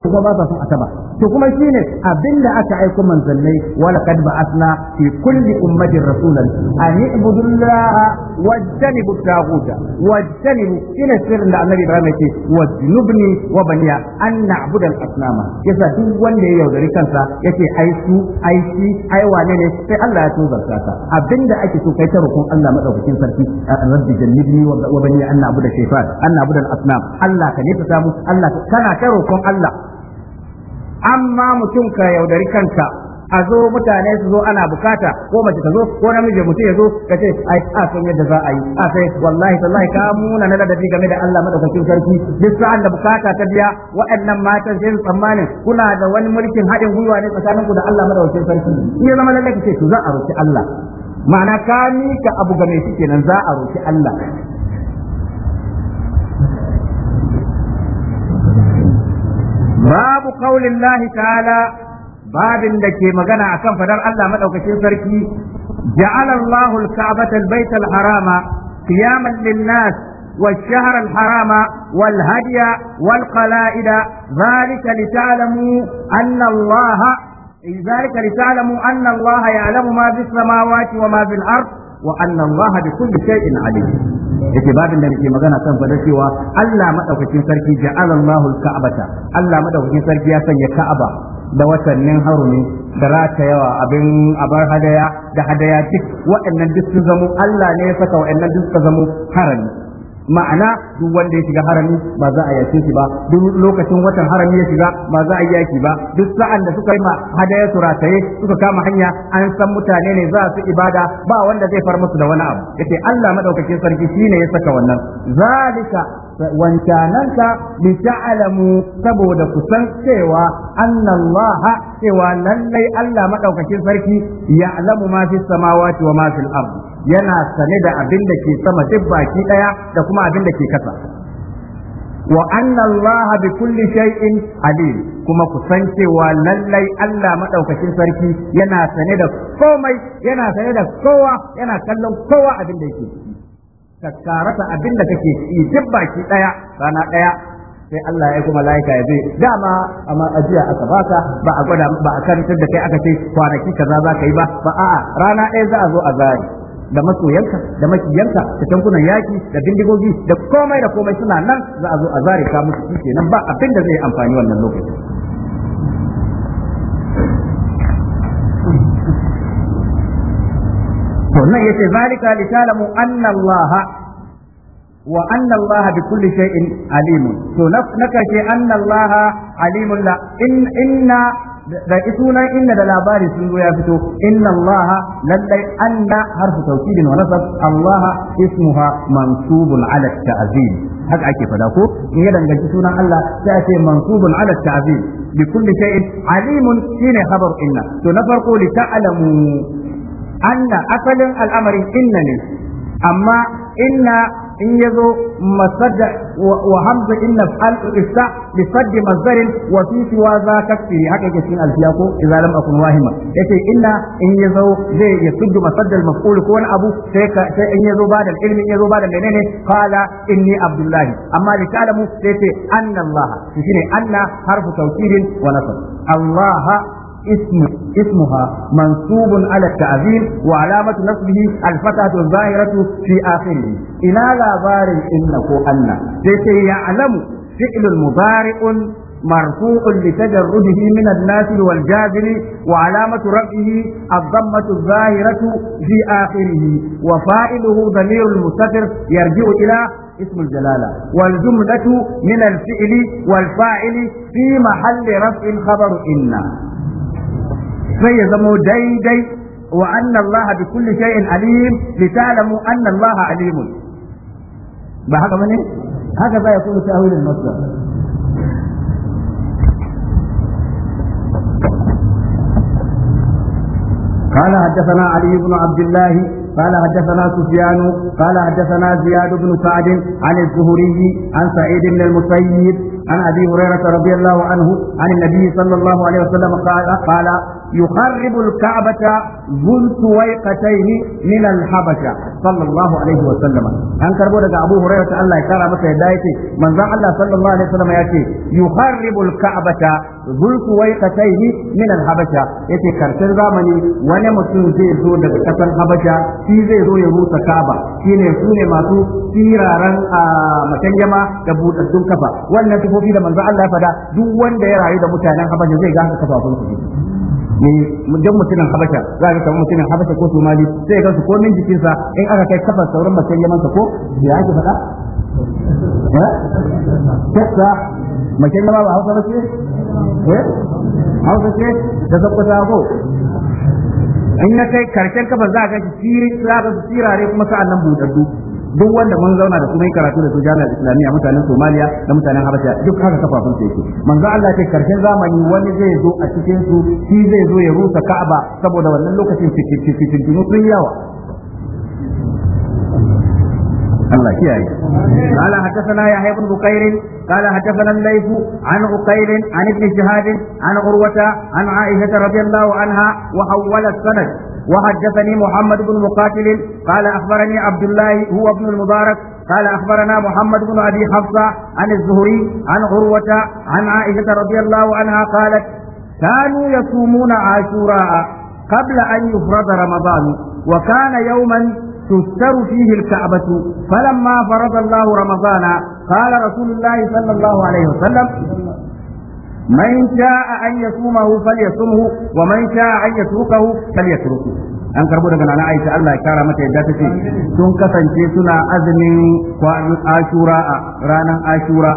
kuma ba sa son asaba to kuma shine abinda aka aiko manzannai wala kad ba'athna fi kulli ummatin rasulan an ibudu Allah wajtanibu taghuta wajtanibu ina sirrin da Annabi Ibrahim yake wajnubni wa baniya an na'budu al-asnama yasa duk wanda ya yaudari kansa yake ai su ai shi ai wane ne sai Allah ya tozarta ka abinda ake so kai ta rukun Allah madaukakin sarki rabbi jannibni wa baniya an na'budu shaytan an na'budu al-asnam Allah ka ne samu Allah kana ta rukun Allah amma mutum ka yaudari kanka a zo mutane su zo ana bukata ko mace ta zo ko namiji mutum ya zo ka ce ai a san yadda za a yi a sai wallahi tallahi ka muna na ladabi game da Allah madaukakin sarki duk sa'an da bukata ta biya waɗannan matan sai su tsammanin kuna da wani mulkin haɗin gwiwa ne tsakanin ku da Allah madaukakin sarki in ya zama lallai ce su za a roki Allah ma'ana ka mika abu game shi kenan za a roki Allah babu lahi ta'ala babin da ke magana akan fadar Allah maɗaukacin sarki ja'ala Allahu al-ka'bata al-bayta al-harama qiyaman lin-nas والشهر الحرام والهدي والقلائد ذلك لتعلموا أن الله ذلك لتعلموا أن الله يعلم ما في السماوات وما في الأرض وأن الله بكل شيء عليم yake babin da nake magana kan da cewa Allah madaukakin sarki ja'ala Allahu al-Ka'bata Allah madaukakin sarki ya sanya Ka'aba da watannin harumi da yawa abin abar hadaya da hadaya duk waɗannan duk sun zamo Allah ne ya saka waɗannan duk suka zamo harami ma'ana duk wanda ya shiga harami ba za a yake shi ba duk lokacin watan harami ya shiga ba za a yaki ba duk sa'an da suka yi ma hadaya surataye suka kama hanya an san mutane ne za su ibada ba wanda zai far musu da wani abu yace Allah madaukakin sarki shine ya saka wannan zalika wancananka bi ta'lamu saboda ku san cewa annallaha cewa lallai Allah madaukakin sarki ya'lamu ma fi samawati wa ma fil ardh yana sane da abin da ke sama duk baki daya da kuma abin da ke kasa wa anna allaha bi kulli shay'in alim kuma ku san cewa lallai Allah madaukakin sarki yana sane da komai yana sane da kowa yana kallon kowa abin da yake ka abin da kake ci duk baki daya rana daya sai Allah ya kuma laika ya zai dama amma ajiya aka baka ba a gwada ba a karantar da kai aka ce kwanaki kaza za ka yi ba ba a'a rana ɗaya za a zo a zari da masoyanka da makiyanka da tankunan yaki da bindigogi da komai da komai suna nan za a zo a zare ka musu shi kenan ba abin da zai amfani wannan lokaci to nan yace zalika li ta'lamu anna allaha wa anna allaha bi kulli shay'in alim to na kace anna allaha alimun la inna da sunan inna da labari sun zo ya fito inna allaha lallai anna harfu tawkidin wa nasab allaha ismuha mansubun ala ta'zim haka ake fada ko in ya danganci sunan Allah sai a ce mansubun ala ta'zim bi kulli shay'in alimun shine khabar inna to na farko li ta'lamu anna asalin al'amarin inna ne amma inna in yazo masadda wa hamza inna fa'al isa bi sadd masdar wa fi siwa za takfiri haka yake cikin alfiya ko idza lam akun wahima yace in yazo zai yasuddu masadda al maf'ul ko na abu sai ka sai in yazo ba da in yazo ba da menene qala inni abdullahi amma li ta'lamu sai ce anna allah shine anna harfu tawkidin wa allah اسم اسمها منصوب على التعذيب وعلامة نصبه الفتحة الظاهرة في آخره إلى لا بار إنه أن يعلم فعل مضارع مرفوع لتجرده من الناس والجابر وعلامة رفعه الضمة الظاهرة في آخره وفاعله ضمير المستتر يرجع إلى اسم الجلالة والجملة من الفعل والفاعل في محل رفع خبر إن sai ya zamo daidai wa anna Allah bi kulli shay'in alim li ta'lamu anna Allah alimun ba haka bane haka ya kuma tawilin masdar قال حدثنا علي بن عبد الله قال حدثنا سفيان قال حدثنا زياد بن سعد عن الزهري عن سعيد بن المسيب عن ابي هريره رضي الله عنه عن النبي صلى الله عليه وسلم قال قال يخرب الكعبة ذو سويقتيه من الحبشة صلى الله عليه وسلم أن كربو دقى أبو هريرة الله يكرى متى يدايتي من ذا الله صلى الله عليه وسلم يأتي يخرب الكعبة ذو سويقتيه من الحبشة يأتي كرتر زامني ونمتن زي زو دقى كتن حبشة في زي زو يروس كعبة في نسون ما تو سيرارا متنجما تبوت الدن كفا وأن تفو في من ذا الله فدا دو وان دير عيد متانا حبشة زي جانت كفا فنسي ne dan mutumin habasha za ka kamar mutumin habasha ko somali sai ya kansu komin jikinsa in aka kai kafar sauran mutum yamansa ko ya ake faɗa eh? kasa mace na ba hausa ba ce eh? hausa ce da zakwata ko in na kai karshen kafar za ka ga tsirare kuma sa'an nan buɗaɗɗu duk wanda mun zauna da su karatu da su jami'ar islamiyya mutanen somaliya da mutanen habasha duk haka kafafun su yake manzo Allah ce karshen zamani wani zai zo a cikin su shi zai zo ya rusa ka'aba saboda wannan lokacin fitintinu sun yawa الله كياي قال حدثنا يحيى بن بكير قال حدثنا الليث عن عقيل عن ابن شهاب عن عروة عن عائشة رضي الله عنها وحول السند وحدثني محمد بن مقاتل قال أخبرني عبد الله هو ابن المبارك قال أخبرنا محمد بن أبي حفصة عن الزهري عن عروة عن عائشة رضي الله عنها قالت كانوا يصومون عاشوراء قبل أن يفرض رمضان وكان يوما تستر فيه الكعبة فلما فرض الله رمضان قال رسول الله صلى الله عليه وسلم man sha'a an yasumahu falyasumhu wa man sha'a an yatrukahu an karbo daga nana Aisha Allah ya kara mata yadda tace sun kasance suna azumin kwanan Ashura a ranar Ashura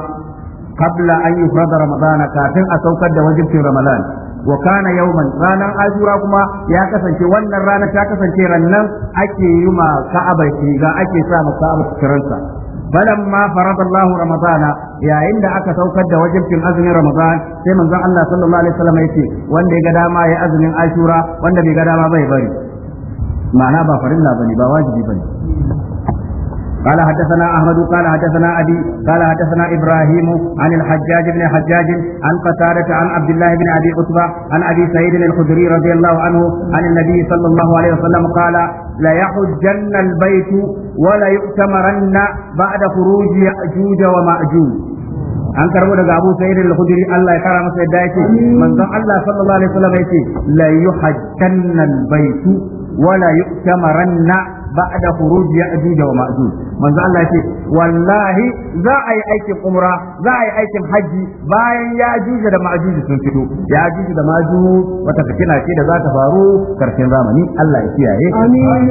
qabla an yufrada Ramadana kafin a saukar da wajibin Ramadan wa kana yawman ranan ashura kuma ya kasance wannan rana ta kasance rannan ake yi ma ka'aba shiga ake sa ma ka'aba suturansa فلما فرض الله رمضان يا عند aka saukar da wajibcin azumin Ramadan sai manzon Allah sallallahu alaihi wasallam yace wanda ya ga dama ya azumin Ashura wanda bai ga dama bai bari ma'ana ba farilla bane ba wajibi bane قال حدثنا أحمد قال حدثنا أبي قال حدثنا إبراهيم عن الحجاج بن حجاج عن قتادة عن عبد الله بن أبي عتبة عن أبي سعيد الخدري رضي الله عنه عن النبي صلى الله عليه وسلم قال ليحجن البيت ولا يؤتمرن بعد خروج يأجوج ومأجوج an karbo daga Abu sai al-Khudri Allah ya kara masa yadda yake manzon Allah sallallahu alaihi wasallam yake la yuhajjanna al wa la yu'tamaranna ba'da khuruj ya'juj wa ma'juj manzo Allah yace wallahi za a yi aikin umra za a yi aikin haji bayan ya'juj da ma'juj sun fito ya'juj da ma'juj wata fitina ce da za ta faru karshen zamani Allah ya kiyaye amin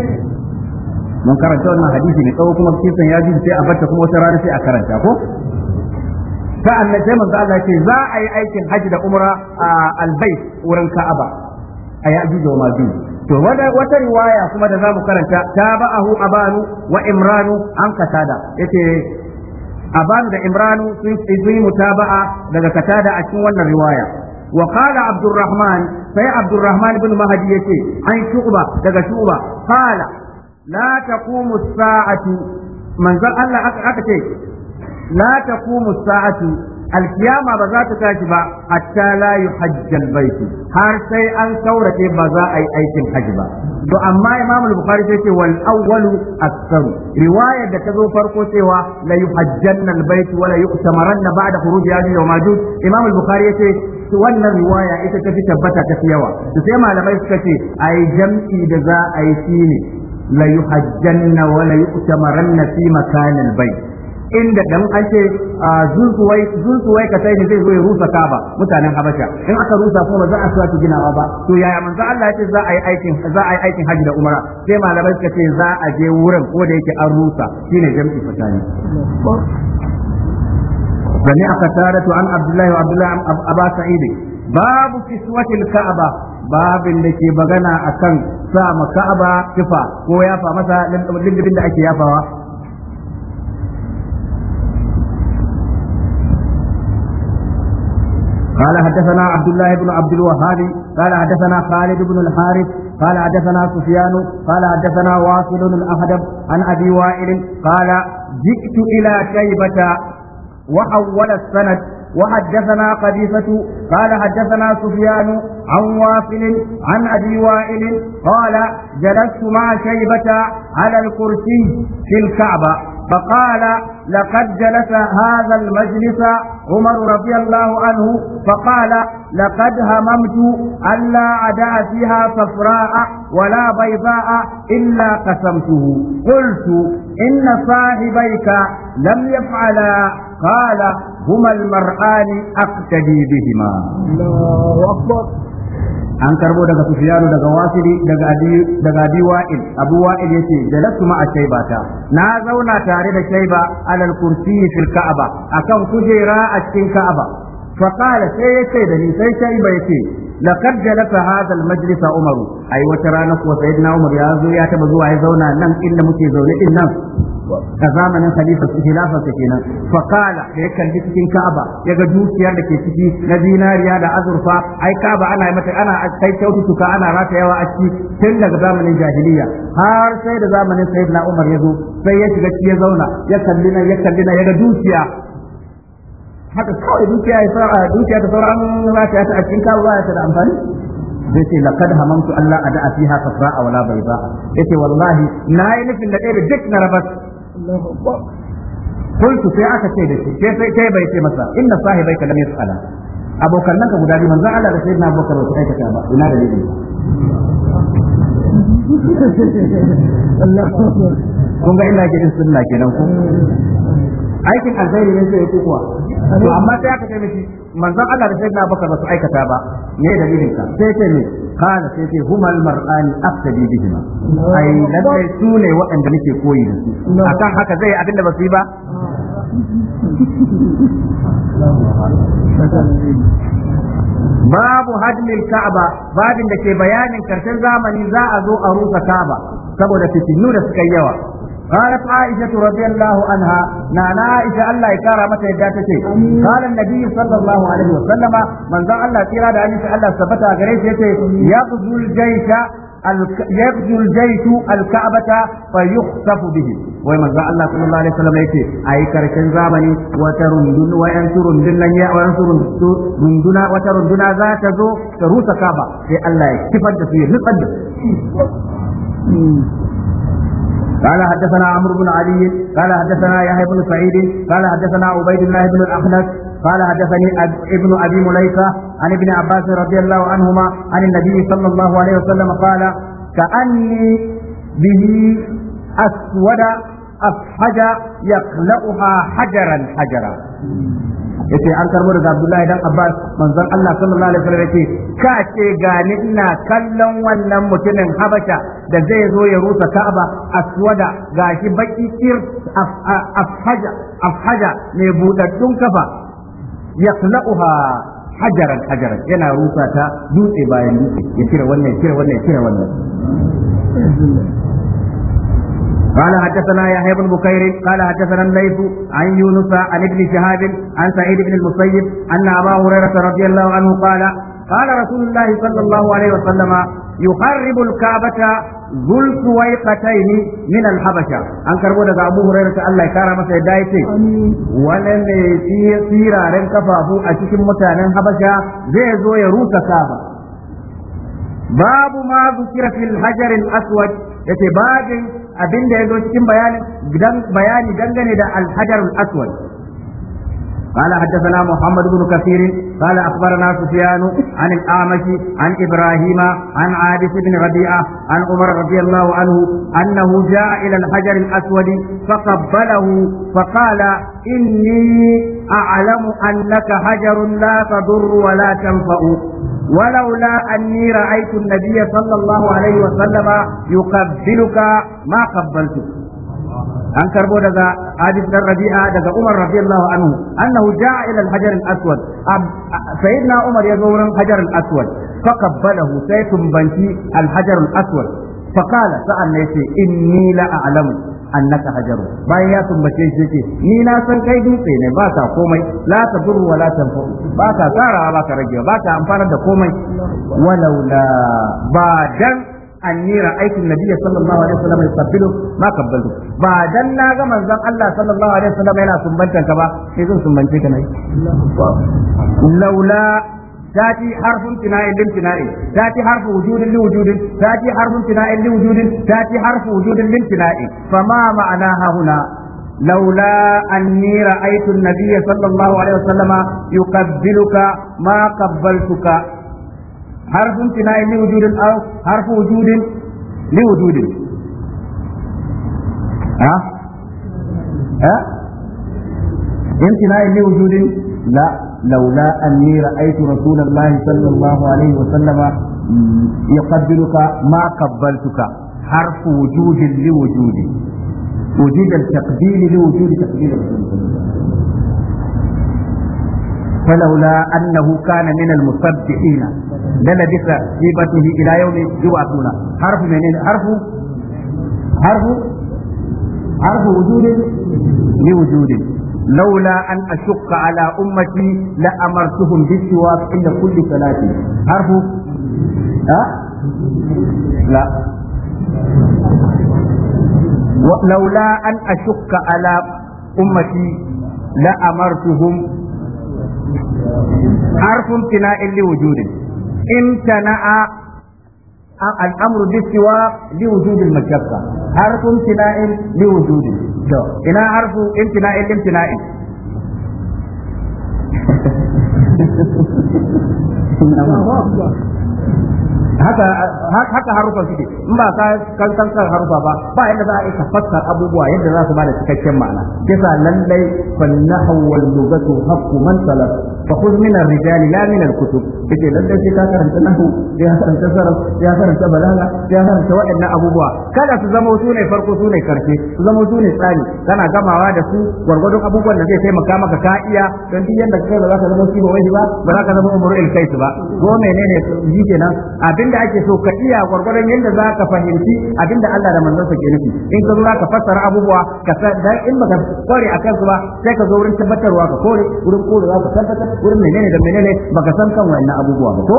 mun karanta wannan hadisi ne tsawo kuma kisan ya'juj sai a batta kuma wata rana sai a karanta ko sa'an nan sai Allah ce za a yi aikin haji da umra a albayt wurin Ka'aba a wa to wata riwaya kuma da zamu karanta ta tabahu abanu wa imranu an katada yace abanu da imranu sun yi mutaba'a daga katada a cikin wannan riwaya wa qala abdurrahman sai abdurrahman ibn mahdi yace an shuba daga shuba qala la taqumu as-sa'atu manzon Allah aka ce la taqumu as-sa'atu alkiyama ba za ta tashi ba a la yuhajjal bait har sai an saurace ba za a yi aikin haji ba to amma imam al-bukhari sai ce wal awwalu aktharu riwayar da ta zo farko cewa la yuhajjanna al-bait wa la yu'tamaranna ba'da khuruj yajud wa majud imam al-bukhari yace wannan riwaya ita ta fi tabbata ta fi yawa to sai malamai suka ce ai jam'i da za a yi shine la yuhajjanna wa la yu'tamaranna fi makanil bait inda dan ake zulsuwai zulsuwai ka sai zai zo ya rusa kaba mutanen habasha in aka rusa kuma ba za a sake ginawa ba to yaya manzo Allah ya ce za a yi aikin za a yi aikin haji da umara sai malamai suka ce za a je wurin ko da yake an rusa shine jami'i fatani abdullahi wa abdullahi عبد Aba وعبد babu أبا Ka'aba babin da ke باب akan بغنا Ka'aba kifa ko yafa masa مثلا da ake yafawa قال حدثنا عبد الله بن عبد الوهاب قال حدثنا خالد بن الحارث قال حدثنا سفيان قال حدثنا واصل الأهدب عن أبي وائل قال جئت إلى شيبة وأول السند وحدثنا قبيصة قال حدثنا سفيان عن واصل عن أبي وائل قال جلست مع شيبة على الكرسي في الكعبة فقال لقد جلس هذا المجلس عمر رضي الله عنه فقال لقد هممت ألا أدع فيها صفراء ولا بيضاء إلا قسمته قلت إن صاحبيك لم يفعلا قال هما المرآن أقتدي بهما الله أكبر an karbo daga sufyanu daga wasiri daga adi daga adi wa'il abu wa'il yace jalastu ma'a ta na zauna tare da shayba alal kursi fil ka'aba akan kujera a cikin ka'aba fa qala sai yace da ni sai shayba yace laqad jalasa hadha al-majlis Umar ai wata rana kuwa sayyidina Umar ya zo ya taba zuwa ya zauna nan inda muke zaune din nan a zamanin khalifa khilafa kenan fa qala da kalli cikin Ka'aba ya ga dukiyar da ke ciki na zinariya da azurfa ai Ka'aba ana mata ana kai kyaututtuka ana rata yawa a ciki tun daga zamanin jahiliya har sai da zamanin sayyidina Umar ya zo sai ya shiga ciki ya zauna ya kalli nan ya kalli nan yaga dukiya haka kawai dukiya ya sa dukiya ta sauran za ta ta a cikin kawo ba ta da amfani zai ce laqad hamantu Allah ada'a fiha safra'a wala bayda yace wallahi na yi nufin da ɗaya duk na rabat قلت sai aka ce da shi sai sai bai ce masa inna sahibaika lam yas'ala abokan nan ka guda biyu manzo Allah da na Abubakar ba su aikata ba ina da dalili kun ga ina gidan sunna kenan ko mm. aikin alkhairi ne sai kuwa to amma sai aka taimaki manzon Allah da sayyidina Abubakar ba su aikata ba me dalilin ka sai ce ne kana sai ce humal mar'ani afsadi bihima ai lalle su ne waɗanda nake koyi da su akan haka zai abin da ba su yi ba babu hadmil ka'aba babin da ke bayanin karshen zamani za a zo a rusa ka'aba saboda fitinu da suka yawa قالت عائشة رضي الله عنها نانا عائشة الله يكارى متى يداتك قال النبي صلى الله عليه وسلم من ذا الله تيرا دا عائشة الله ثبتها غريش يغزو الجيش يغزو الجيش الكعبة فيخسف به wai manzo Allah sallallahu alaihi wasallam yake ai karshen zamani wata rundun wayan rundun nan ya wayan runduna wata runduna za ta zo ta rusa kaba sai Allah ya kifar da su ya قال حدثنا عمرو بن علي قال حدثنا يحيى بن سعيد قال حدثنا عبيد الله بن الاخنس قال حدثني ابن ابي مليكه عن ابن عباس رضي الله عنهما عن النبي صلى الله عليه وسلم قال كاني به اسود افحج يقلعها حجرا حجرا yace an karbo daga Abdullahi dan Abbas manzon Allah sallallahu alaihi wasallam yace ka ce ni ina kallon wannan mutumin Habasha da zai zo ya rusa Ka'aba aswada gashi baki kir afhaja afhaja mai budaddun kafa yaqla'uha hajaran hajaran yana rusa ta dutse bayan dutse ya cire wannan cire wannan cire wannan قال حدثنا يحيى بن بكير قال حدثنا الليث عن يونس عن ابن شهاب عن سعيد بن المسيب أن أبا هريرة رضي الله عنه قال قال رسول الله صلى الله عليه وسلم يقرب الكعبة ذو السويقتين من الحبشة أن كربو دغا أبو هريرة الله يكرم سيدا يتي ولن في سيرارن كفافو أشكي متانن حبشة زي زو يروس كعبة babu ma zikira fil hajar al aswad yake babu abinda yazo cikin bayani bayani dangane da al hajar al aswad qala hadathana muhammad ibn kasir qala akhbarana sufyan an al amash an ibrahim an abis ibn rabi'a an umar radiyallahu anhu annahu jaa ila al hajar al aswad fa qabbalahu fa qala inni a'lamu annaka hajarun la tadur wa la tanfa'u ولولا أني رأيت النبي صلى الله عليه وسلم يقبلك ما قبلتك an karbo daga hadis dan rabi'a daga umar radiyallahu anhu annahu ja'a ila al-hajar al-aswad sayyidina umar ya zo wurin hajar al-aswad fa qabbalahu sai tumbanci al-hajar al-aswad fa qala sa'an ne inni la a'lamu annaka hajaru bayan ya sumbace shi yake ni na san kai dutse ne ba ka komai la tadurru wa la tanfa'u ba ka tsarawa ba ka rage ba ka amfana da komai walaula ba dan anni ra'aytu an-nabiyya sallallahu alaihi wasallam yusabbilu ma kabbalu ba dan na ga manzon Allah sallallahu alaihi wasallam yana sumbantanka ba sai zan sumbance ka nai laula تاتي حرف امتناع لامتناع تاتي حرف وجود لوجود تاتي حرف امتناع لوجود تاتي حرف وجود لامتناع فما معناها هنا لولا أني رأيت النبي صلى الله عليه وسلم يقبلك ما قبلتك حرف امتناع لوجود أو حرف وجود لوجود ها أه؟ ها امتناع لوجود لا لولا أني رأيت رسول الله صلى الله عليه وسلم يقبلك ما قبلتك حرف وجود لوجود وجود التقبيل لوجود تقبيل فلولا أنه كان من المسبحين للبث هيبته إلى يوم يبعثون حرف من حرف حرف حرف وجود لوجود لولا أن أشق على أمتي لأمرتهم بالسواك عند كل صلاة عارف أه؟ لا لولا أن أشق على أمتي لأمرتهم حرف امتناء لوجوده امتنع الامر بالسواك لوجود المشقه حرف امتناء لوجوده ina harfu imtina'in imtina'in haka haka harufan suke in ba ka kan kan harufa ba ba yadda za a yi fassara abubuwa yadda za su bada cikakken ma'ana kisa lallai fannahu wal lughatu haqqu man salaf fa khudh min ar-rijali la min al-kutub kace lallai sai ka karanta nahu sai ka karanta sarf sai ka karanta balaga sai ka karanta waɗannan abubuwa kada su zama su ne farko su ne karshe su zama su ne tsari kana gamawa da su gwargwadon abubuwan da zai kai maka ka iya dan duk yadda kai ba za ka zama shi ba wai ba ba za ka zama umurul kaisu ba ko menene shi kenan abin abinda ake so ka iya gwargwadon yadda za ka fahimci abinda Allah da manzon sa ke nufi in ka zo ka fassara abubuwa ka san dan in baka kware akan su ba sai ka zo wurin tabbatarwa ka kore wurin kore za ka tabbatar wurin menene da menene baka san kan wannan abubuwa ba ko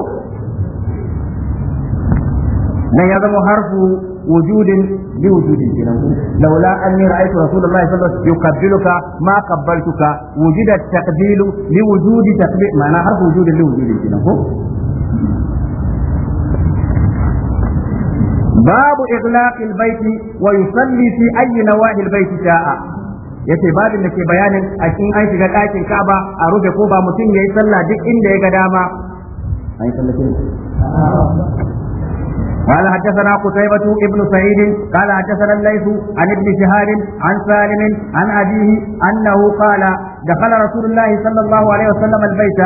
nan ya zama harfu wujudin bi wujudin kenan laula anni ra'aytu rasulullahi sallallahu alaihi wasallam yuqabbiluka ma qabbaltuka wujida taqbilu li wujudi taqbil ma'ana harfu wujudin li wujudin kenan ko باب إغلاق البيت ويصلي في أي نواحي البيت شاء yace babin da ke bayanin a cikin an shiga ɗakin Ka'aba a rufe ko ba mutum yayi sallah duk inda ya ga dama an sallake قال حدثنا قتيبة ابن سعيد قال حدثنا الليث عن ابن شهاب عن سالم عن أبيه أنه قال دخل رسول الله صلى الله عليه وسلم البيت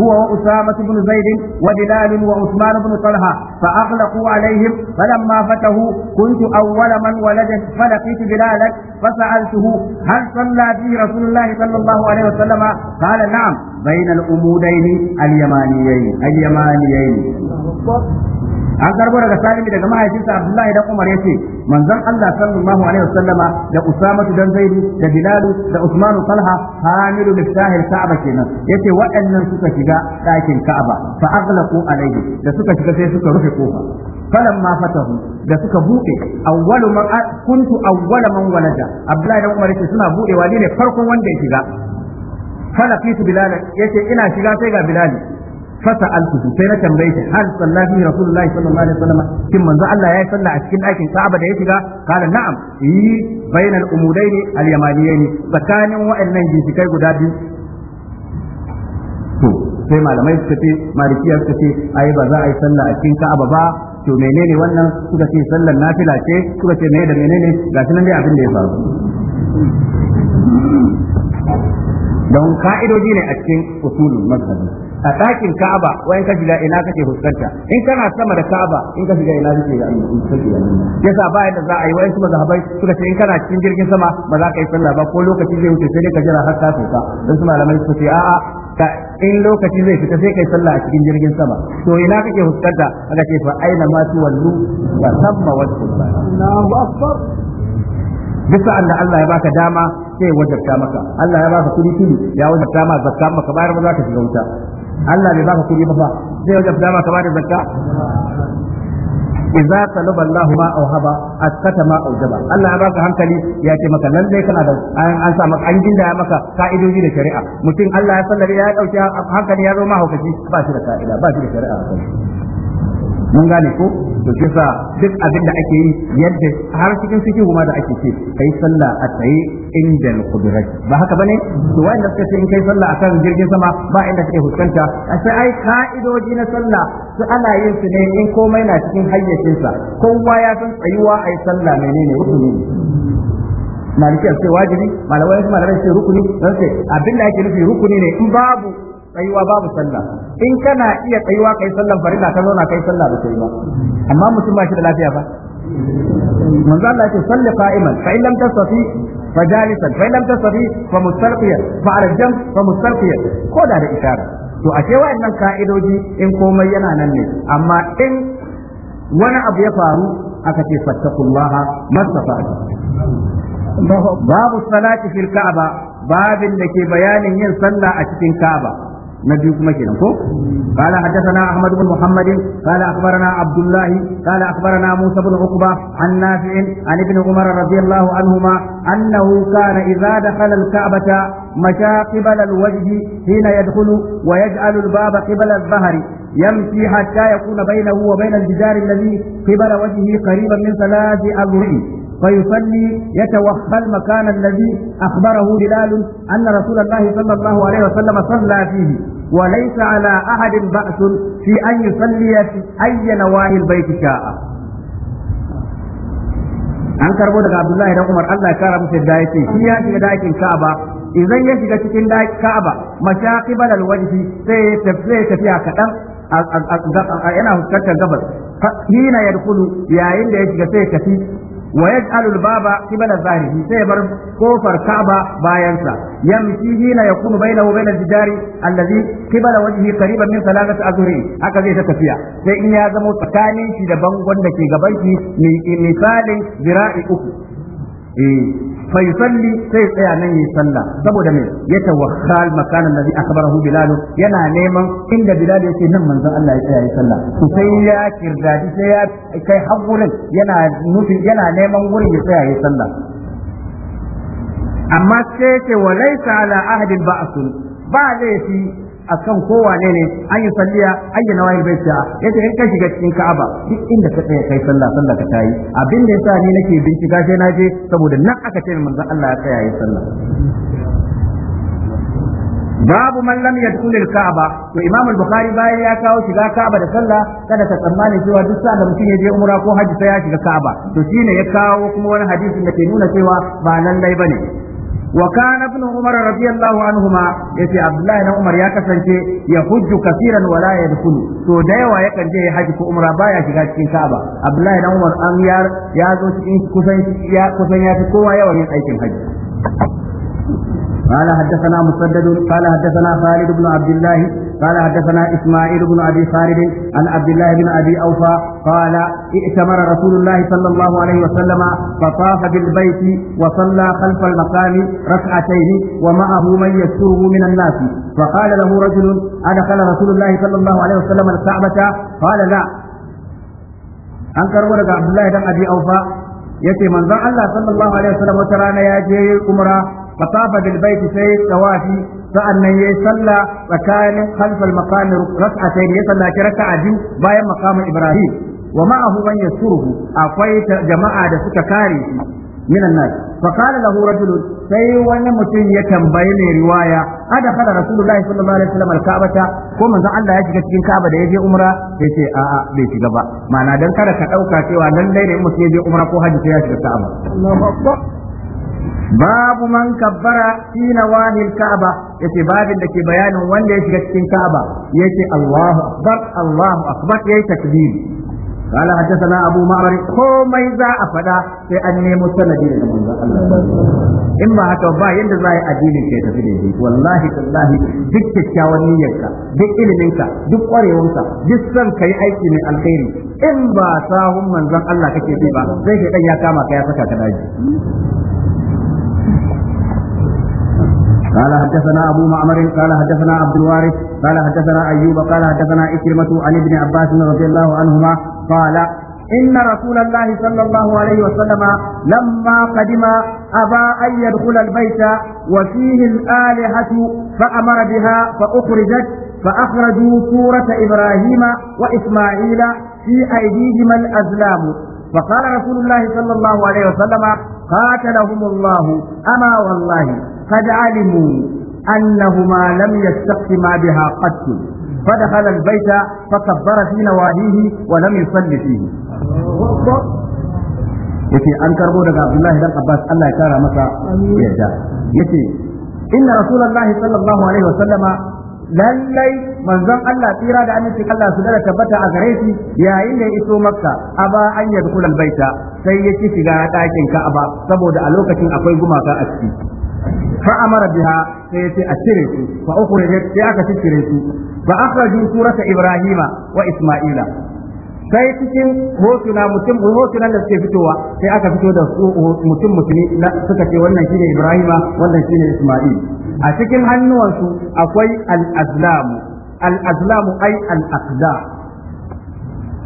هو وأسامة بن زيد وبلال وعثمان بن طلحة فأغلقوا عليهم فلما فتحوا كنت أول من ولدت فلقيت بلالا فسألته هل صلى به رسول الله صلى الله عليه وسلم قال نعم بين الأمودين اليمانيين اليمانيين an karbo daga salimi daga mahaifinsa abdullahi dan umar yace manzon Allah sallallahu alaihi wasallama da usama dan zaidu da bilal da usman talha hamilu liftahil ka'aba kenan yace waɗannan suka shiga ɗakin ka'aba fa aghlaqu alaihi da suka shiga sai suka rufe kofa فلما فتحوا da suka buɗe awwalu man kuntu awwala man walada abdullahi dan umar yace suna bude wani ne farkon wanda ya shiga falakitu bilal yace ina shiga sai ga bilal fasa alkuhu sai na tambaye shi hal sallafi rasulullahi sallallahu alaihi wasallam kin manzo Allah ya yi sallah a cikin ɗakin Ka'aba da ya shiga kana na'am yi bainal umudaini al-yamaniyaini tsakanin wa'annan ginshikai guda biyu to sai malamai suka ce malikiya suka ce ai ba za a yi sallah a cikin Ka'aba ba to menene wannan suka ce sallar nafila ce suka ce meye da menene gashi nan dai abin da ya faru don ka'idoji ne a cikin usulul mazhabi a ɗakin Ka'aba wai ka shiga ina kake fuskanta in kana sama da Ka'aba in ka shiga ina kake ga Allah kake ga Allah yasa ba yadda za a yi wai su mazhabai suka ce in kana cikin jirgin sama ba za ka yi sallah ba ko lokacin zai wuce sai dai ka jira har ka sauka dan su malamai su ce a'a ka in lokaci zai fita sai kai sallah a cikin jirgin sama to ina kake fuskanta aka ce fa aina ma tu wallu wa samma wa Allahu akbar duk sa'an da Allah ya baka dama sai ya wajabta maka Allah ya baka kudi kudi ya wajabta ma zakka maka bayar ba za ka shiga wuta Allah bai baka kuɗi ba fa zai wajen dama ka bada zakka idza talaba Allah ma auhaba askata ma aujaba Allah ya baka hankali ya ce maka nan dai kana da an sa maka an maka ka'idoji da shari'a mutum Allah ya sallabe ya dauki hankali ya zo ma haukaci ba shi da ka'ida ba shi da shari'a mun gane ko to shi yasa duk abin da ake yi yadda har cikin suke kuma da ake ce kai sallah a tsaye inda al-qudrat ba haka bane to wanda suka ce in kai sallah a kan jirgin sama ba inda kake fuskanta sai ai ka'idoji na sallah su ana yin su ne in komai na cikin sa kowa ya san tsayuwa ai sallah menene rukuni malikiya sai wajibi malamai malamai sai rukuni sai abin da ake nufi rukuni ne in babu tsayuwa babu sallah in kana iya tsayuwa kai sallan farilla ka zauna kai sallah ba kai ba amma mutum ba shi da lafiya ba manzo Allah yake salli qa'iman fa in lam tastati fa jalisan fa in lam tastati fa mustarqiyan fa ala jamb fa mustarqiyan ko da da isharar to ashe wa'annan ka'idoji in komai yana nan ne amma in wani abu ya faru aka ce fattakullaha mastafa'at babu salati fil ka'aba babin da ke bayanin yin sallah a cikin ka'aba نبي كما كنا قال حدثنا أحمد بن محمد قال أخبرنا عبد الله قال أخبرنا موسى بن عقبة عن نافع عن ابن عمر رضي الله عنهما أنه كان إذا دخل الكعبة مشى قبل الوجه حين يدخل ويجعل الباب قبل الظهر يمشي حتى يكون بينه وبين الجدار الذي قبل وجهه قريبا من ثلاث أذرع فيصلي يتوخى المكان الذي أخبره بلال أن رسول الله صلى الله عليه وسلم صلى فيه وليس على أحد بأس في أن يصلي في أي نواهي البيت شاء an karbo daga Abdullahi dan Umar Allah ya kara musu da yake shi ya shiga dakin Ka'aba idan ya shiga cikin dakin Ka'aba mashaqibal alwajhi sai ya tafi a kadan yana fuskantar gabas hina yadkhulu yayin da ya shiga sai ya tafi wa yaj'alu al-baba qibala zahiri sai ya bar kofar Ka'aba bayan sa yamshi hina yakunu bainahu wa bain al-jidari alladhi qibala wajhi qariban min thalathati azhuri haka zai ta tafiya sai in ya zamo tsakanin shi da bangon da ke gaban shi misalin zira'i uku eh fa salli sai tsaya nan yi sallah saboda me ya tawakkal makanan nabi akbarahu bilal yana neman inda bilal yake nan manzon Allah ya tsaya yi sallah to sai ya kirdadi sai ya kai hakurin yana nufin yana neman wurin ya tsaya yi sallah amma sai ce wa laysa ala ahadin ba'sun ba laifi akan kowane ne an yi salliya an yi nawayil bai yace in ka shiga cikin Ka'aba duk inda ka tsaya kai sallah sallah ka tayi abin da yasa ni nake bincika sai na je saboda nan aka ce manzo Allah ya tsaya yi sallah babu man lam yadkhul al kaaba to imam al-bukhari bayan ya kawo shiga ka'aba da sallah kada ka tsammani cewa duk sa da mutum ya je umra ko haji sai ya shiga ka'aba to shine ya kawo kuma wani hadisin da ke nuna cewa ba lallai bane wa na ibn umar radiyallahu anhuma yace abdullahi na umar ya kasance ya hujju kafiran wala yadkhulu to da yawa yakan je haji ko umra baya shiga cikin ka'aba abdullahi na umar an ya zo cikin kusan ya fi kowa yawan aikin haji قال حدثنا مسدد قال قال حدثنا إسماعيل بن أبي خالد عن عبد الله بن أبي أوفى قال ائتمر رسول الله صلى الله عليه وسلم فطاف بالبيت وصلى خلف المقام ركعتين ومعه من يستره من الناس فقال له رجل أدخل رسول الله صلى الله عليه وسلم الكعبة قال لا أنكر ورد عبد الله بن أبي أوفى yace manzon Allah sallallahu alaihi wasallam wata rana ya je umra fatafa bil bait sai tawafi sa'annan yayi sallah tsakanin khalfal maqam rak'atayn ya sallaci raka'a biyu bayan makamin Ibrahim wa ma'ahu man yasuruhu akwai jama'a da suka kare shi minan nas فقال له رجل sai wani mutum ya tambayi mai riwaya ada kada rasulullahi sallallahu alaihi wasallam alka'bata ko manzon Allah ya shiga cikin Ka'aba da yaje umra sai ce a a bai shiga ba ma'ana dan kada ka dauka cewa nan ne mutum ya je umra ko haji sai ya shiga Ka'aba babu man kabbara fi nawahil ka'aba yace babin da ke bayanin wanda ya shiga cikin ka'aba yace Allahu akbar Allahu akbar yayi takbir قال sana'a ابو معمر komai za a faɗa sai an nemo sanadi daga manzon in ba haka ba yanda za a yi addinin kai tafi daidai wallahi tallahi duk kyakkyawan niyyarka duk iliminka duk kwarewanka duk san kai aiki mai alkhairi in ba sahun manzon Allah kake bi ba sai kai ɗan ya kama ka ya saka ka daji قال حدثنا أبو معمر قال حدثنا عبد الوارث قال حدثنا أيوب قال حدثنا إكرمة عن ابن عباس رضي الله عنهما قال إن رسول الله صلى الله عليه وسلم لما قدم أبى أن يدخل البيت وفيه الآلهة فأمر بها فأخرجت فأخرجوا سورة إبراهيم وإسماعيل في أيديهما الأزلام فقال رسول الله صلى الله عليه وسلم قاتلهم الله أما والله قد علموا أنهما لم يستقسما بها قط فدخل البيت فكبر في نواهيه ولم يصل فيه yace an karbo daga Abdullahi dan Abbas Allah ya kara masa yadda yace inna rasulullahi sallallahu alaihi wasallama lallai manzon Allah tsira da aminci Allah su dara tabbata a gare shi yayin da ya iso Makka aba an yadkhul albaita sai ya ci shiga ɗakin Ka'aba saboda a lokacin akwai gumaka a ciki فأمر بها سيتي أشرك فأخرجت سيأك تشرك فأخرجوا سورة إبراهيم وإسماعيل sai cikin hotuna mutum hotunan da suke fitowa sai aka fito da mutum mutumi na suka ce wannan shine Ibrahima wannan shine Isma'il a cikin hannuwansu akwai al-azlam al-azlam ai al aqdam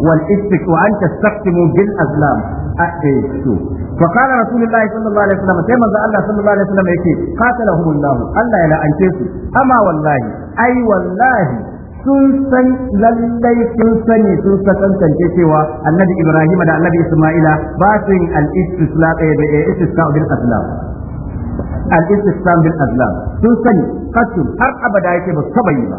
wal istiq wa anta taqtimu bil azlam aitu ah, eh, fa sallallahu alaihi wasallam sai manzo Allah sallallahu alaihi wasallam yake qatalahumullah Allah ya la'ance su amma wallahi ai wallahi sun san lallai sun sani sun sakantance cewa annabi Ibrahim da annabi Isma'ila ba su yin al-istisla eh, da eh, istisqa bil al sun sani kasu har abada yake ba su taba yi ba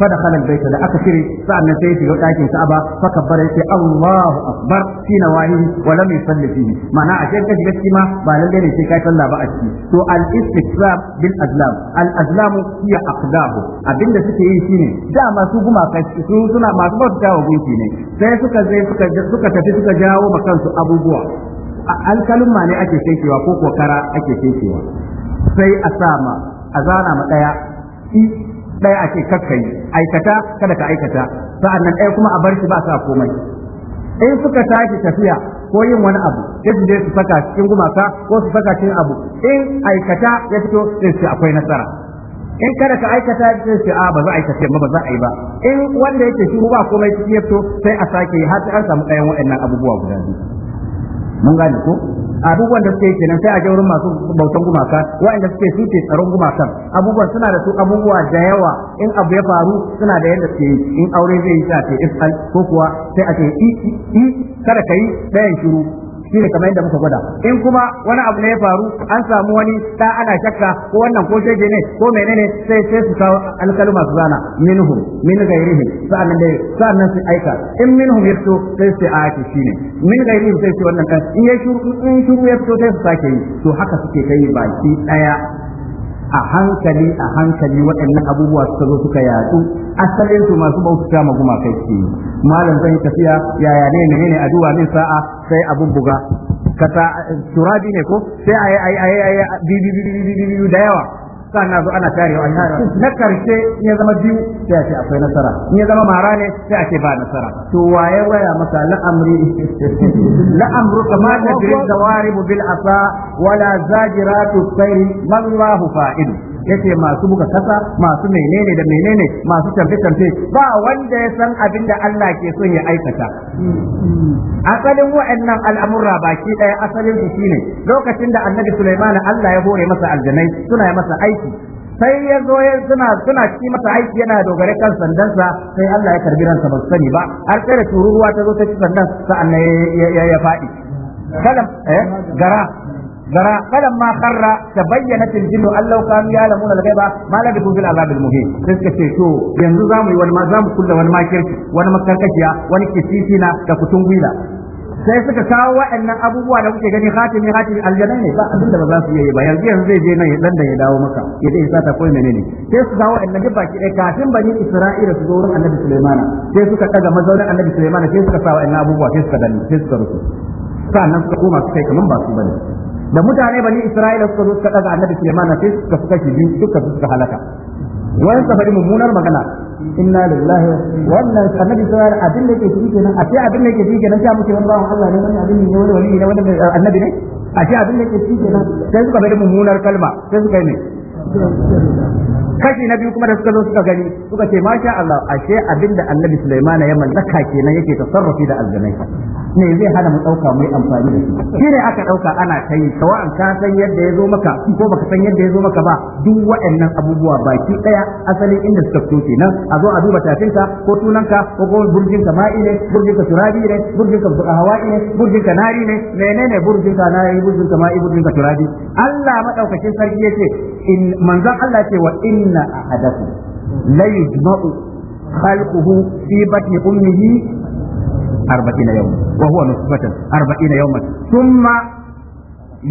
fa dakhala al-bayt da aka cire sa'annan sai shiga dakin Ka'aba fa kabbara yace Allahu akbar fi nawahi wa lam yusalli fihi ma'ana a cikin shiga ciki ma ba lalle ne sai kai sallah ba a ciki to al-istiqram bil azlam al-azlam hiya aqdahu abinda suke yi shine dama su guma kai suna masu bauta wa gunki ne sai suka zai suka suka tafi suka jawo makansu abubuwa alkalumma ne ake shekewa ko kokara ake shekewa sai a sama a zana ma daya ɗaya a ce kakka yi aikata kada ka aikata sa'an nan ɗaya kuma a bar shi ba sa komai in suka tashi tafiya ko yin wani abu sai su je su saka cikin gumaka ko su saka cikin abu in aikata ya fito sai su akwai nasara in kada ka aikata sai su a ba za a aikata ba ba za a yi ba in wanda yake shi ba komai cikin ya fito sai a sake yi, har an samu ɗayan waɗannan abubuwa guda biyu mun gane ko abubuwan da suke kenan sai a je wurin masu bautan gumaka waɗanda suke su tsaron gumakan abubuwan suna da su abubuwa da yawa in abu ya faru suna da yadda suke yi in aure zai yi sai ce ifal ko kuwa sai a ce i kada ka yi ɗayan shiru shine kamar yadda muka gwada in kuma wani abu ne ya faru an samu wani da ana shakka ko wannan ko shege ne ko menene sai sai su kawo alkaluma su zana minhum min ghairihim sa'annan dai sa'annan su aika in minhum yato sai su aiki shine min gairihi sai su wannan kan in ya shuru in shuru yato sai su sake yi to haka suke kai baki daya a hankali a hankali waɗannan abubuwa suka zo suka yatsu asalin su masu bauta ma kai ce malam zan tafiya yaya ne ne ne addu'a min sa'a sai abun buga kasa turabi ne ko sai ayi ayi ayi bi bi bi da yawa sannan zo ana karewa na karshe in ya zama biyu sai a ce akwai nasara in ya zama mara ne sai a ce ba nasara to waye waya masa la'amri la'amru kama da dawari bil asa wala zajiratu man mallahu fa'idu yace masu buga kasa masu menene da menene masu tamfe tamfe ba wanda ya san abin da Allah ke son ya aikata asalin wa'annan al'amurra baki daya asalin su shine lokacin da annabi Sulaiman Allah ya hore masa aljanai suna masa aiki sai ya zo suna suna ci masa aiki yana dogare kan sandansa sai Allah ya karbi ransa ba sani ba har sai da tururuwa ta zo ta ci sandan sa'an ya ya faɗi kalam eh gara ذرا فلما خر تبينت الجن ان لو كانوا يعلمون الغيب ما لبثوا في العذاب المهين سكت شو ينزو زامي wani ma zamu kulla wani makirci wani makarkashiya wani kisisi na da kutun gwila sai suka kawo waɗannan abubuwa da kuke gani hatimi hatimi aljanna ne ba abinda ba za su yi ba yanzu yanzu zai je nan da ya dawo maka ya dai sata ko ne ne sai su kawo waɗannan duk baki ɗaya kafin bani Isra'ila su zo wurin Annabi Sulaimana sai suka daga mazaunin Annabi Sulaimana sai suka sa waɗannan abubuwa sai suka danne sai suka rufe sannan suka koma suka yi kaman ba su bane da mutane bani Isra'ila suka zo suka daga annabi Sulaiman sai suka suka shi biyu duka suka halaka wani suka faɗi mummunar magana inna lillahi wannan annabi Sulaiman abin da yake ciki kenan a ce abin da yake ciki kenan ta muke wannan Allah ne wannan abin ne wani ne wani annabi ne a ce abin da yake ciki kenan sai suka faɗi mummunar kalma sai suka yi ne kashi na biyu kuma da suka zo suka gani suka ce masha Allah ashe abinda Annabi Sulaiman ya mallaka kenan yake tasarrufi da aljanai ne zai hana mu dauka mu amfani da shi shi ne aka dauka ana kai sawa'an ka san yadda ya zo maka ko baka san yadda ya zo maka ba duk waɗannan abubuwa baki daya asali inda suka fito kenan a zo a duba tafinka ko tunanka ko ko ka ma'i ne ka turabi ne ka hawa'i ne ka nari ne menene ka nari ka ma'i ka turabi Allah madaukakin sarki yake in manzon Allah ce wa inna ahadakum la yujma'u khalquhu fi batni ummihi 40 yawma wa huwa nutfatan 40 yawma thumma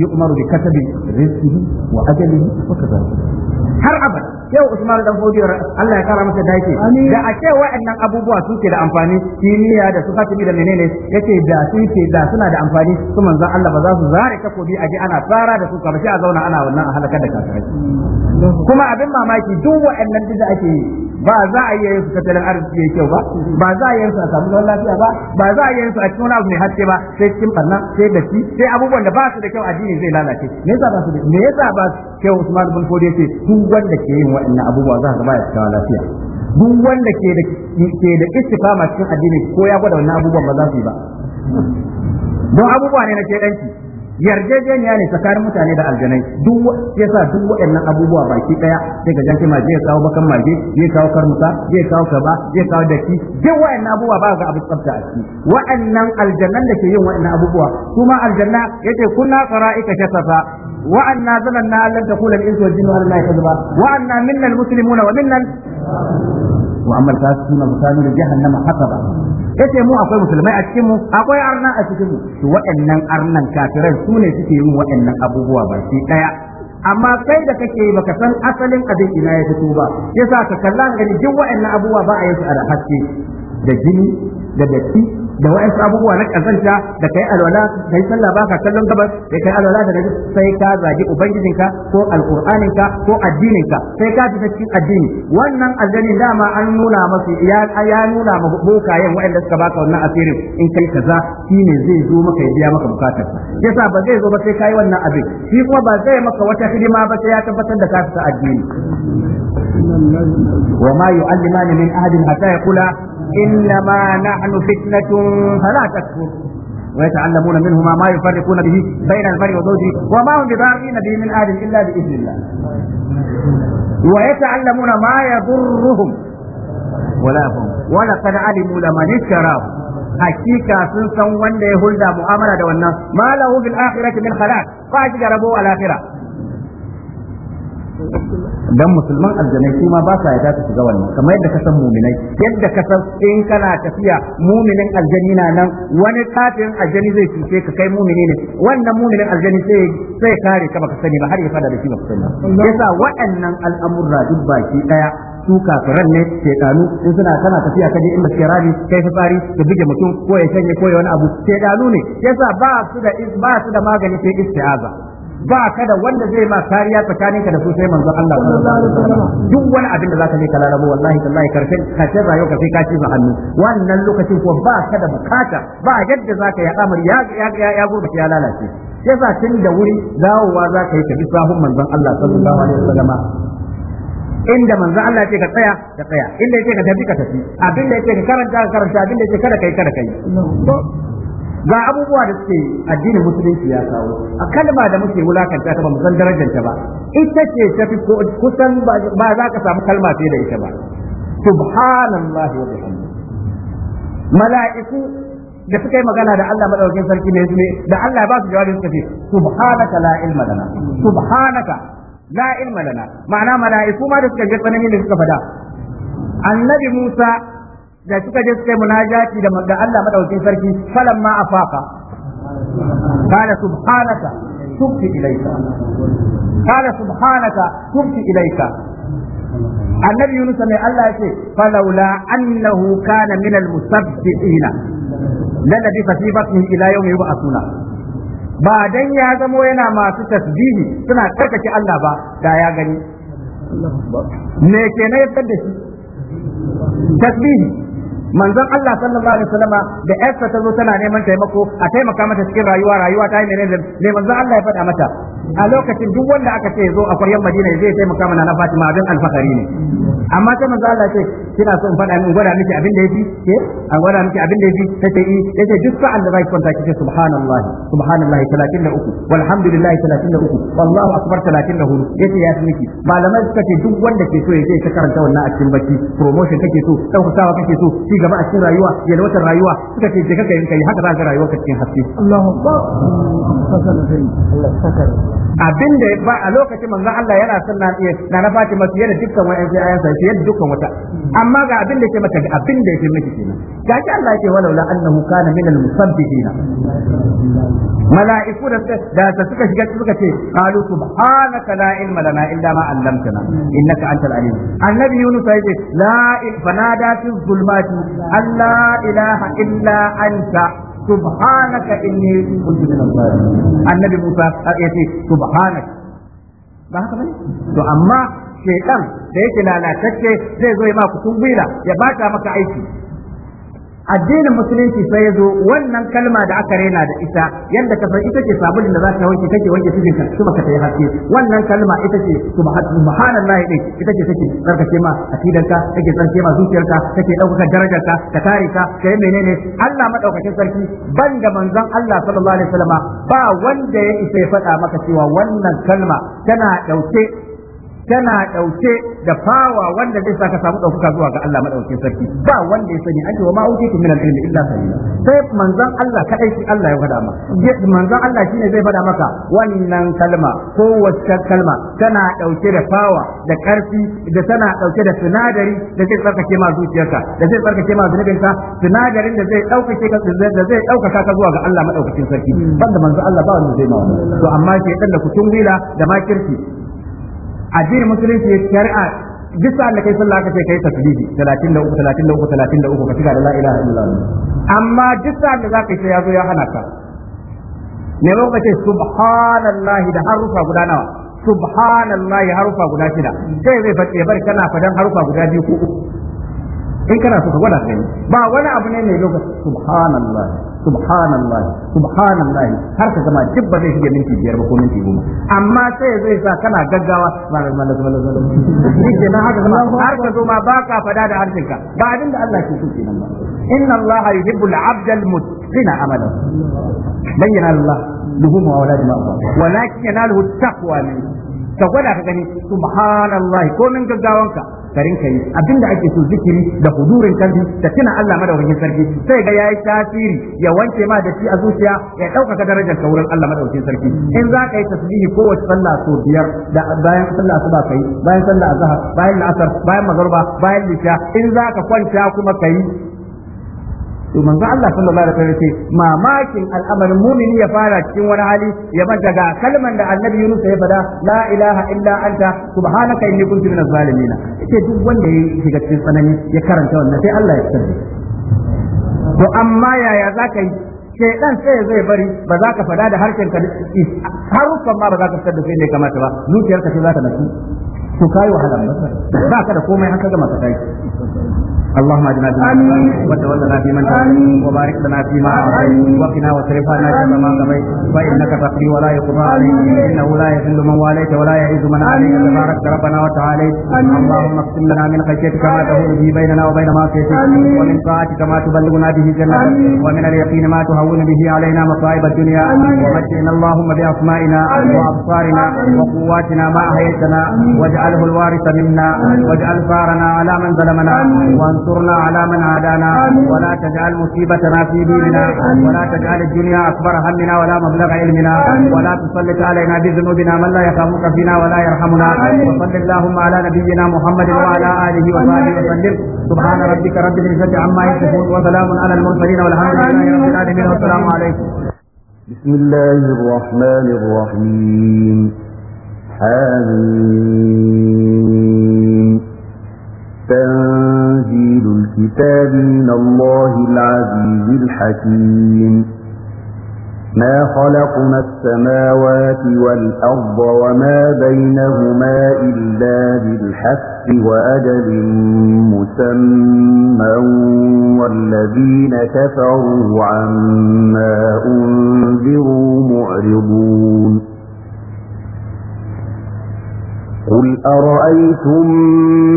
yu'maru bi kasabi rizqihi wa ajalihi wa kadhalika har abad yau Usman dan Fodiyo Allah ya kara masa dace da a ce wa'annan abubuwa suke da amfani kimiyya da su fatimi da menene yake da sun da suna da amfani su manzo Allah ba za su zare takobi a ji ana tsara da su ba shi a zauna ana wannan a halaka da kafirai hmm. kuma abin mamaki duk wa'annan da ake yi ba za a iya yin su tattalin arziki ya kyau ba ba za a iya su a samu zaman lafiya ba ba za a iya yin su a cikin wani abu mai haske ba sai cikin barna sai da shi sai abubuwan da ba su da kyau addini zai lalace me yasa ba su da me yasa ba kyau Usman bin Fodi yace duk wanda ke yin waɗannan abubuwa za ka ba ya cikin lafiya duk wanda ke da ke da istifama cikin addini ko ya gwada wannan abubuwan ba za su yi ba don abubuwa ne na ke danki yarjejeniya ne tsakanin mutane da aljanai duk yasa duk waɗannan abubuwa baki daya sai ga janki maje ya kawo bakan maje ya kawo karnuka ya kawo kaba ya kawo daki duk waɗannan abubuwa ba ga abu tsafta a ciki waɗannan aljannan da ke yin waɗannan abubuwa kuma aljanna yace kunna qara'ika shafafa وأنا ظننا أن لن تقول الإنس والجن وأن لا كذبا وأنا منا المسلمون ومنا وأما الفاسقون فكانوا لجهنم حسبا yace mu akwai musulmai a cikinmu akwai arna a cikinmu to waɗannan arnan kafirai su ne suke yin waɗannan abubuwa ba baki ɗaya amma kai da kake yi baka san asalin abin ina ya fito ba yasa ka kalla gani duk waɗannan abubuwa ba a yi su a haske da jini da datti da waɗansu abubuwa na kazanta da kai alwala da yi sallah baka kallon gabas da kai alwala da gaji sai ka zagi ubangijinka ko alqur'aninka ko addininka sai ka fita cikin addini wannan aljani dama an nuna masu ya ya nuna ma bokayen wa'anda suka baka wannan asirin in kai kaza ne zai zo maka ya biya maka bukatar yasa ba zai zo ba sai kai wannan abin shi kuma ba zai maka wata hidima ba sai ya tabbatar da ka fita addini wa ma yu'allimani min ahadin hatta kula? إنما نحن فتنة فلا تكفر ويتعلمون منهما ما يفرقون به بين المرء وزوجه وما هم بضارين به من آدم إلا بإذن الله ويتعلمون ما يضرهم ولا هم ولقد علموا لمن اشتراه hakika sun san wanda ya hulda mu'amala da wannan ma lahu fil akhirati min khalaq ba shi da rabo al akhirah dan musulman aljanai su ma ba sa yarda su shiga wannan kamar yadda ka san muminai yadda ka san in kana tafiya muminin aljani na nan wani kafin aljani zai cuce ka kai mumini ne wannan muminin aljani sai sai kare ka baka sani ba har ya fada da shi baka sani yasa waɗannan al'amurra duk baki daya su kafiran ne shedanu in suna kana tafiya ka je inda kirari kai fitsari ka buge mutum ko ya shanye ko ya wani abu shedanu ne yasa ba su da ba su da magani sai istiaza ba ka da wanda zai ma kariya tsakanin ka da su sai manzon Allah duk wani abin da zaka yi ka lalabo wallahi tallahi karshen karshen rayuwa ka sai ka ci hannu wannan lokacin ko ba ka da bukata ba yadda zaka ya amari ya ya ya gurbace ya lalace sai sa tun da wuri dawowa zaka yi ka bi sahun manzon Allah sallallahu alaihi wasallam inda manzo Allah ce ka tsaya ka tsaya inda yake ka tafi ka tafi abinda yake ka karanta ka karanta abinda yake kada kai kada kai ga abubuwa da suke addinin musulunci ya kawo a kalma da muke wulakanta ta ba musan darajar ta ba ita ce tafi kusan ba za ka samu kalma sai da ita ba subhanallahi wa bihamdi mala'iku da suka yi magana da Allah madaukakin sarki ne da Allah ba su jawabin suka ce subhanaka la ilma lana subhanaka la ilma lana ma'ana mala'iku ma da suka je tsananin da suka fada annabi Musa da suka je suka yi munajati da ga Allah madaukakin sarki falamma afaka qala subhanaka tubti ilayka qala subhanaka tubti ilayka annabi yunus mai Allah ya ce falaula annahu kana min al-musabbihin la labifa fi batnihi ila yawmi yub'athuna ba dan ya zamo yana masu tasbihi suna karkace Allah ba da ya gani me kenan ya fitar da shi tasbihi manzon Allah sallallahu alaihi wasallama da yarsa ta zo tana neman taimako a taimaka mata cikin rayuwa rayuwa ta yi menene ne manzon Allah ya faɗa mata a lokacin duk wanda aka ce zo a 'yan Madina zai taimaka mana na Fatima abin alfahari ne amma sai manzon Allah ya ce kina son faɗa min gwada miki abin da yafi ke a gwada miki abin da yafi tace yi eh. yace duk sa'an da zaki kwanta kike subhanallah subhanallah 33 walhamdulillah 33 wallahu akbar 34 yace ya miki malamai suka ce duk wanda ke so yaje ka karanta wannan a cikin bacci promotion kake so daukawa kake so ci gaba a cikin rayuwa yalwatar rayuwa suka ce je kake yin kai haka za ka rayuwa ka cikin haske Allahu akbar abin da ba a lokacin manzon Allah yana son na na na Fatima fiye da dukkan wa'ansu ayansa fiye da dukkan wata hmm. amma ga abin da yake mata ga abin da yake miki kenan gashi Allah yake walaula annahu kana minal musabbihin mala'iku da da suka shiga suka ce qalu subhanaka la ilma lana illa ma 'allamtana innaka antal alim annabi yunus ya ce la fanada fi zulmati alla ilaha illa anta subhanaka inni kuntu minal zalimin annabi musa ya ce subhanaka ba haka bane to amma shedan da yake lalatacce zai zo ya ma tun gwila ya baka maka aiki addinin musulunci sai ya zo wannan kalma da aka raina da ita yadda ka san ita ce sabulin da za ta wanke kake wanke cikin ka kuma ka tayi haske wannan kalma ita ce subhanallahi din ita ce take tsarkake ma akidanka take tsarkake ma zuciyarka take daukaka ka, ta kare ka kai menene Allah madaukakin sarki ban banda manzon Allah sallallahu alaihi wasallama ba wanda ya isa ya faɗa maka cewa wannan kalma tana dauke tana ɗauke da fawa wanda zai saka samu ɗaukaka zuwa ga Allah madaukakin sarki ba wanda ya sani ake wa ma uti min al-ilmi illa qalila sai manzon Allah kadai shi Allah ya faɗa maka manzon Allah shine zai faɗa maka wannan kalma ko wacce kalma tana ɗauke da fawa da ƙarfi da tana ɗauke da sinadari da zai tsarkake ma zuciyarka da zai tsarkake ma zunubinka sinadarin da zai ɗaukake ka da zai ɗaukaka ka zuwa ga Allah madaukakin sarki banda manzon Allah ba wanda zai ma to amma ke da kutun da makirci addinin musulunci shari'a bisa da kai sallah ka ce kai tasbihi 33 33 33 ka shiga da la ilaha illallah amma duk sa'an da ka yi yazo ya zo hana ka ne ba ka ce subhanallahi da harufa guda nawa subhanallahi harufa guda shida kai zai fadi bar kana fadan harufa guda biyu ko uku in kana so ka gwada kai ba wani abu ne mai lokacin subhanallahi subhanallah subhanallah har ka gama duk ba zai shige minti biyar ba ko minti goma amma sai zai sa kana gaggawa malam malam malam malam shi na haka gama har ka zo ma baka fada da harkinka ba abin da Allah ke so kenan ba inna Allah yuhibbu al-'abd al-mutqina amalan dan yana Allah luhum wa wala jama'a walakin yanaluhu taqwa minkum ka gwada ka gani subhanallah komin gaggawanka ka rinka yi abinda ake so zikiri da hudurin kalbi da tuna Allah madaukakin sarki sai ga yayi tasiri ya wanke ma da shi a zuciya ya ɗaukaka darajar ka wurin Allah madaukakin sarki in za ka yi tasbihi kowace sallah so biyar da bayan sallah asuba kai bayan sallah azhar bayan la'asar bayan magruba bayan isha in za ka kwanta kuma kai to manzo Allah sallallahu alaihi wasallam ce mamakin al'amarin mumini ya fara cikin wani hali ya manta ga kalman da annabi Yunus ya fada la ilaha illa anta subhanaka inni kuntu minaz zalimin yace duk wanda ya shiga cikin tsanani ya karanta wannan sai Allah ya tsare to amma yaya zaka yi shaidan sai zai bari ba za ka fada da harshen ka haruffan ma ba za ka fitar da sai ne kamata ba zuciyarka sai za ta nasu to kai wahala ba ka da komai haka ga masu kai اللهم اجعلنا في وتولنا فيمن توليت وبارك لنا فيما اعطيت وقنا وصرفنا عنا شر ما قضيت فانك تقضي ولا يقضى عليك انه لا يذل من واليت ولا يعز من عليك تبارك ربنا وتعالي اللهم اقسم لنا من خشيتك ما تهون به بيننا وبين فيك ومن طاعتك ما تبلغنا به جنتك ومن اليقين ما تهون به علينا مصائب الدنيا ومتعنا اللهم باسمائنا وابصارنا وقواتنا ما احييتنا واجعله الوارث منا واجعل ثارنا على من ظلمنا وانصرنا على من عادانا ولا تجعل مصيبتنا في ديننا ولا تجعل الدنيا أكبر همنا ولا مبلغ علمنا ولا تسلط علينا بذنوبنا من لا يخافك فينا ولا يرحمنا وصل اللهم على نبينا محمد وعلى آله وصحبه وسلم سبحان ربك رب العزة عما يصفون وسلام على المرسلين والحمد لله رب العالمين والسلام عليكم بسم الله الرحمن الرحيم حميم تنزيل الكتاب من الله العزيز الحكيم ما خلقنا السماوات والأرض وما بينهما إلا بالحق وأجل مسمى والذين كفروا عما أنزل قل أرأيتم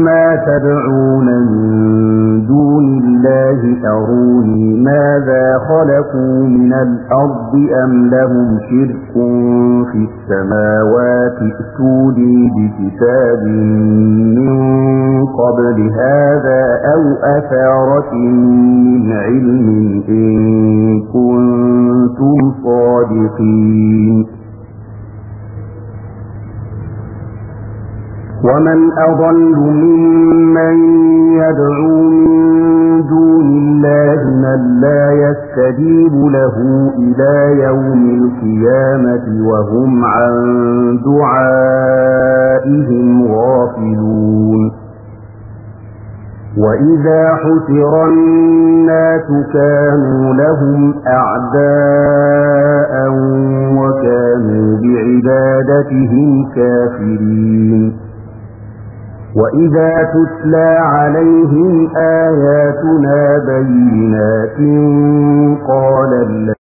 ما تدعون من دون الله أروني ماذا خلقوا من الأرض أم لهم شرك في السماوات ائتوني بكتاب من قبل هذا أو أثارة من علم إن كنتم صادقين ومن أضل ممن يدعو من دون الله من لا يستجيب له إلى يوم القيامة وهم عن دعائهم غافلون وإذا حسر الناس كانوا لهم أعداء وكانوا بعبادتهم كافرين وإذا تتلى عليهم آياتنا بينات قال